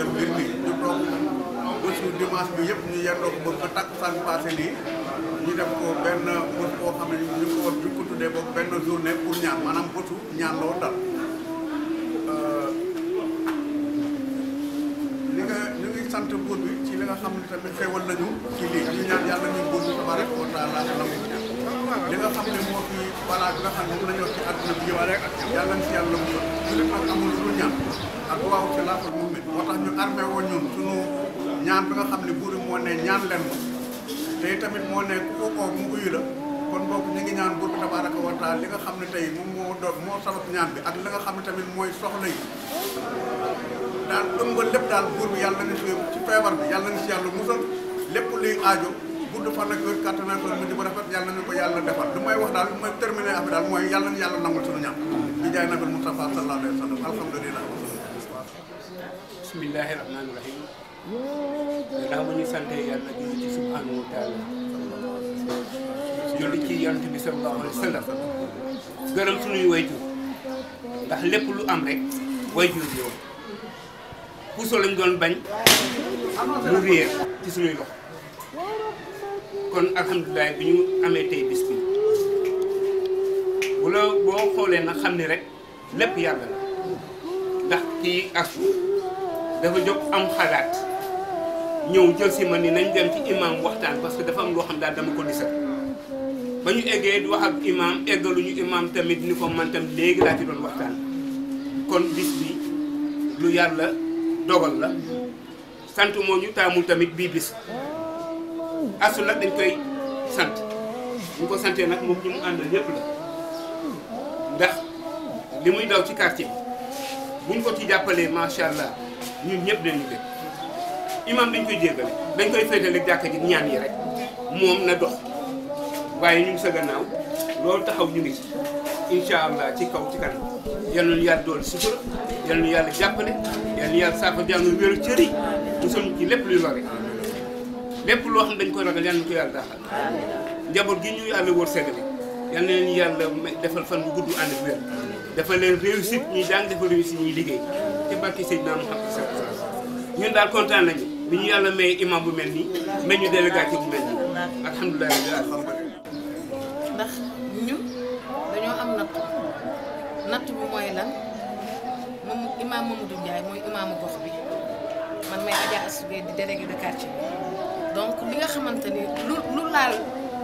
yor mbir mi ñu toog bésu dimanche bi yëpp ñu yendoo ko ba takkusaan passé nii ñu def ko benn bés boo xam ne ñu ngi ko war ñu ko tuddee boobu benn journée pour ñaan maanaam bésu ñaan loo dal euh, li nga ñu ngi sant buur bi ci li nga xam ne tamit xéwal nañu ci lii ñu ñaan yàlla ñu buur bi tabaraka wa taala li nga xam ne moo fi voilà bi nga xam ne moom la ñu wax ci àdduna bi yëwaale ak yàlla na si yàlla mu jot ñu def ak amul lu ñaan ak waaw ci laafal mu moo tax ñu armé woo ñun sunu ñaan bi nga xam ne buur bi moo ne ñaan leen ko tey tamit moo ne ku ko mu uyu la kon boobu ñu ngi ñaan buur bi tabaaraka wa taala li nga xam ne tey moo doon moo sabab ñaan bi ak li xam ne tamit mooy soxla yi daal ëmb lépp daal buur bi yàlla na ci ci feebar bi yàlla na ci yàlla musal lépp luy aajo gudd fan ak yooyu kàttan ak yooyu mujj bu rafet yàlla ko yàlla defal lu may wax daal lu may terminé affaire daal mooy yàlla na yàlla nangul suñu ñaan bi jaay nabi Mustafa sallallahu alayhi wa sallam alhamdulillah bismillahi rahmaani rahim gannaaw ba ñu sante yàlla di ci subhanahu wa taala ci yonent bi sallallahu alayhi wa sallam gërëm suñuy wayjur ndax lépp lu am rek wayjur yow puso lañ doon bañ mu réer ci suñuy loxo kon alhamdulilah bi ñu amee tey bis bu la boo xoolee nag xam ni rek lépp yàlla la ndax kii asu dafa jóg am xalaat ñëw jël si ma ni nañ dem ci imam waxtaan parce que dafa am loo xam daal dama ko gisal ba ñu eggee di wax ak imam eggaluñu imam tamit ni ko man léegi laa ci doon waxtaan kon bis bi lu yàlla dogal la sant moo ñu taamul tamit bii bis asu nag dañ koy sant ñu ko santee nag moom ñu mu àndal yépp la ndax li muy daw ci quartier buñ ko ci jàppalee macha allah. ñun ñëpp dañu dégg imam dañ koy jéggale dañ koy féetale jàkka ji ñaan yi rek moom na dox waaye ñu ngi sa gannaaw loolu taxaw ñu ngi si incha allah ci kaw ci kanam yal na yàlla dool sutura yal na yàlla jàppale yal na yàlla saako ci lépp luy lore loo xam dañ koy ragal yal na ko yàlla daaxal njaboot gi ñu yàlla wóor séddale yal na leen yàlla defal fan mu gudd ànd ak wér leen réussite ñuy jàng dafa réussite ñuy liggéey barke Seydina Muhammad sallallahu alayhi wasallam ñun daal kontaan nañu bi ñu yàlla may imam bu mel nii may ñu délégation bu mel nii alhamdulilah ndax ñun dañoo am natt natt bu mooy lan moom imam Mamadou Ndiaye mooy imaamu gox bi man may Adja Assoubé di délégué de quartier bi donc li nga xamante ni lu lu laal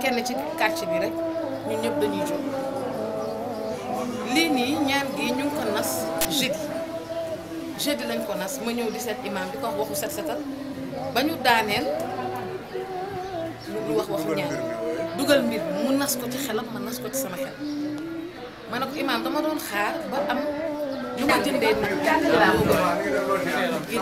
kenn ci quartier bi rek ñun ñëpp dañuy jóg lii nii ñaan gi ñu ngi ko nas jeudi lañ ko nas ma ñëw di seet imam di ko wax waxu set setal ba ñu daaneel lu ñu wax waxu ñaan dugal mbir mu nas ko ci xelam ma nas ko ci sama xel ma ne ko imam dama doon xaar ba am lu ma jëndee ngir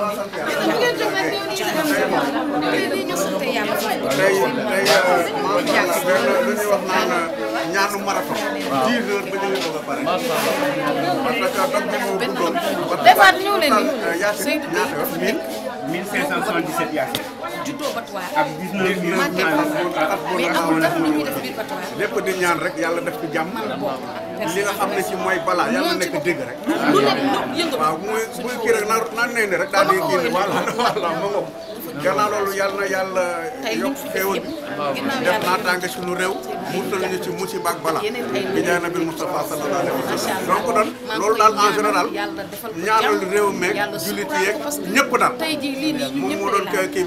ni ñu ngeen doon ñëw ñu ci am lii ñu sant yàlla tey tey dañuy wax naan ñaanu marathon 10 heures ba ñu ko pare parce que dog bi moo guddoon des fois ñu leen ni 1577 yaa juddoo Batuwaa. ak 19 man lépp di ñaan rek yàlla def ci jàmm. li nga xam ne ci mooy balaa yàlla nekk dégg rek. waaw bu muy kii rek naan nañ ne rek daal di kii voilà voilà ma ngoog. gannaaw loolu yàlla na yàlla yokk xéewal def naataange suñu réew musal ñu ci musiba ak bala bi jaay nabi Moustapha sallallahu alayhi wa sallam donc doon loolu daal en général ñaanal réew meeg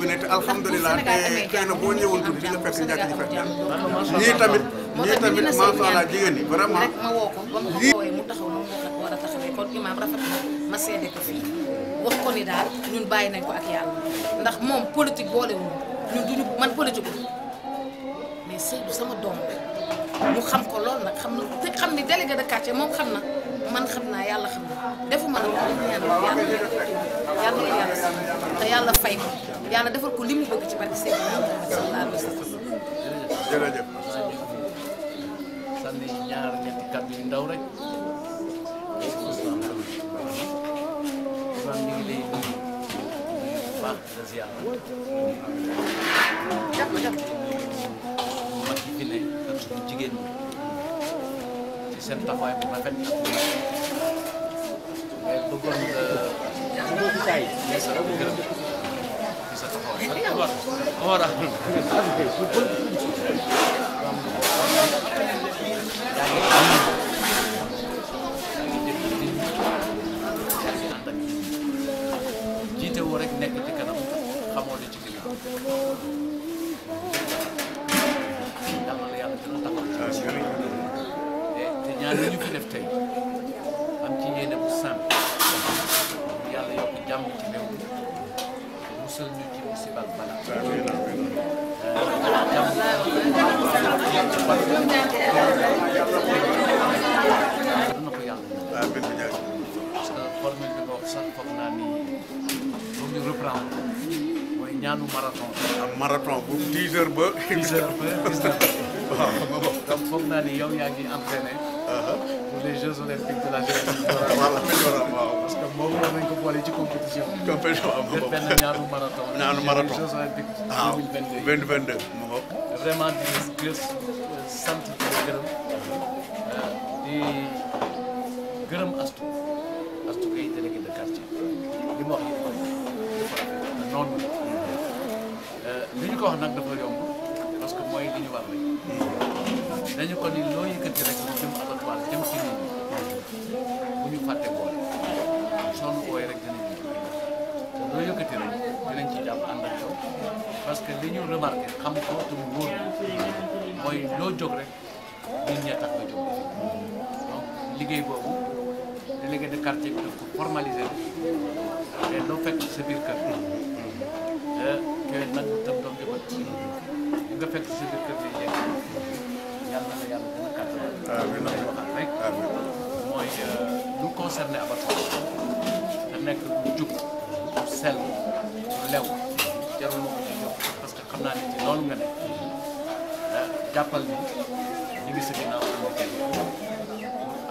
bi ne te alhamdulilah te xëy na boo ñëwoon tuuti di nga fekk njàkk ñi fekk ñii tamit ñii ma seede ko ni daal ñun bàyyi nañ ko ak yàlla ndax moom politique boolewul ñun duñu man politique ni sama doom mu xam ko lool nag xam na te a ni moom xam na man xam naa yàlla xam na defuma nag li yàlla yàlla yàlla yàlla sax te yàlla fay ko yàlla defal ko li bëgg ci barke Seydou sallallahu alayhi wa sallam jërëjëf sànni ñaar ñetti kàddu yu ndaw rek ñu suñu jigéen ñi ci seen taxawaay bu rafet ak mais bëggoon euh, nga di sa gërëm di sa taxawaay Omar Omar jiite woo rek nekk ci kanam xamoo li ci ginnaaw ñaan li ñu fi def tey am ci yéene bu sàmm yàlla yokk jàmm ci réew mi musal ñu ci musiba ak bala na ko yàlla parce que formule bi nga wax sax foog naa ni moom ñu reprendre mooy ñaanu marathon am marathon bu 10 heures ba 10 heures ba 10 heures waaw foog naa ni yow yaa ngi entraîné pour les Jeux olympiques de la jeunesse. waaw parce que moom war nañu ko boole ci compétition. compétition am na benn ñaanu marathon. ñaanu marathon Jeux olympiques. waaw 2022 vraiment di gës sant di gërëm di gërëm Astou Astou Gueye délégué de quartier li ma wax noonu li ñu ko wax nag dafa yomb. parce que mooy li war rek ko ni loo yëkkati rek mu jëm abattoir jëm si nit ñi bu ñu fàtte boole sonn ooy rek dinañ ñëw loo yëkkati rek dinañ ci jàpp ànd ak parce que li ñu remarqué xam ko te mu mooy loo jóg rek nit ñi tax nga jóg donc liggéey boobu délégué de quartier bi daf ko formalisé te loo fekk sa biir kër. ngay nag tëb doom jëmbat li nga fekk si biir kër gi yegg yàlla na yàlla dina kàttan ay waxaat rek mooy lu euh, concerné abattoir da nekk lu jub lu sell lu lew jarul ma ko ci jox parce que xam naa ne ci loolu nga ne euh, jàppal ni ñu ngi sa ginnaaw am na kenn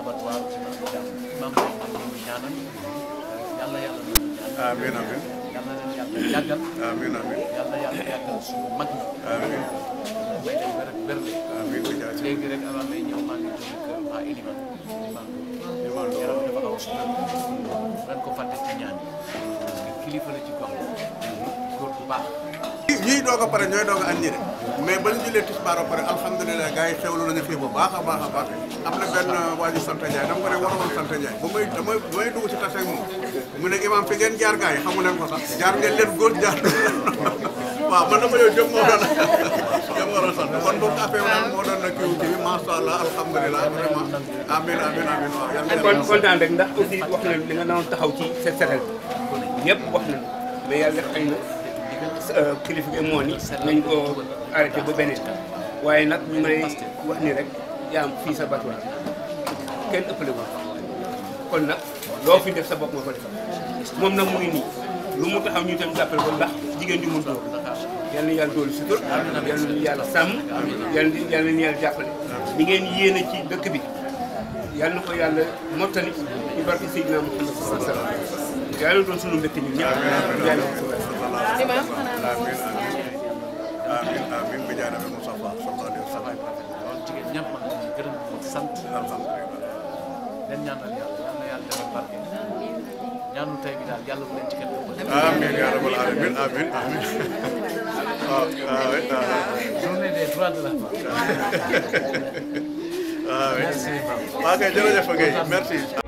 abattoir ci ma jàpp maam ñaanal yàlla yàlla amiin amiin yàggal. amiin amiin yàlla yàlla yàggal suñu mag ñi. amiin may leen wér wér leen. amiin jaajëf léegi rek avant may ñëw maa ngi jóge kër maa Eliman. Eliman Lo yaram dafa aw suñu lan ko fàtte ci ñaan yi. parce que kilifa la ci gox góor bu baax. ñii doog a pare ñooy doog a añ ñi de. mais ba ñu jëlee tisbaar ba pare alhamdulilah gars yi xewlu nañu fii bu baax a baax a baax am na benn waa ji sant Ndiaye dama ko ne waroon sant Ndiaye ba may damay damay dugg si tase ak moom mu jaar gars yi xamu leen ko sax jaar ngeen leen góor jaar waaw man dama yow jëm moo doon jëm waroon a kon boog affaire bi daal moo doon na kii kii macha allah alhamdulilah amin amin amin waaw yàlla na kon kontaan rek ndax aussi wax na li nga doon taxaw ci set setal ñëpp wax nañu mais Euh, kilifa gi moo ni nañ ko arrêté ba beneen waaye nag ñu may wax ni rek yaa am fii sa batuwaay kenn ëppale ko kon nag loo fi def sa bopp nga ko defal moom nag mu ngi nii lu mu taxaw ñu itam jàppale ko ndax jigéen ju mën dóor yal na yàlla doolu sutur yal na yàlla sàmm yal na yàlla na yàlla jàppale li ngeen yéene ci dëkk bi yal na ko yàlla mottali ci barke Seydina Muhammad sallallahu alayhi wa sallam yàlla doon sunu mbégte ñun ñëpp yàlla amin amin amin bi jaay nabi Mustafa sallallahu alayhi wa sallam loolu jigéen ñëpp ma ngi gërëm ko sant alhamdulilah leen ñaanal yàlla yàlla yàlla defal barke ñaanu tey bi daal yàlla bu leen ci kenn amin ya rabbal alamin amin amin journée des droits de la femme waaw kay jërëjëf Guèye merci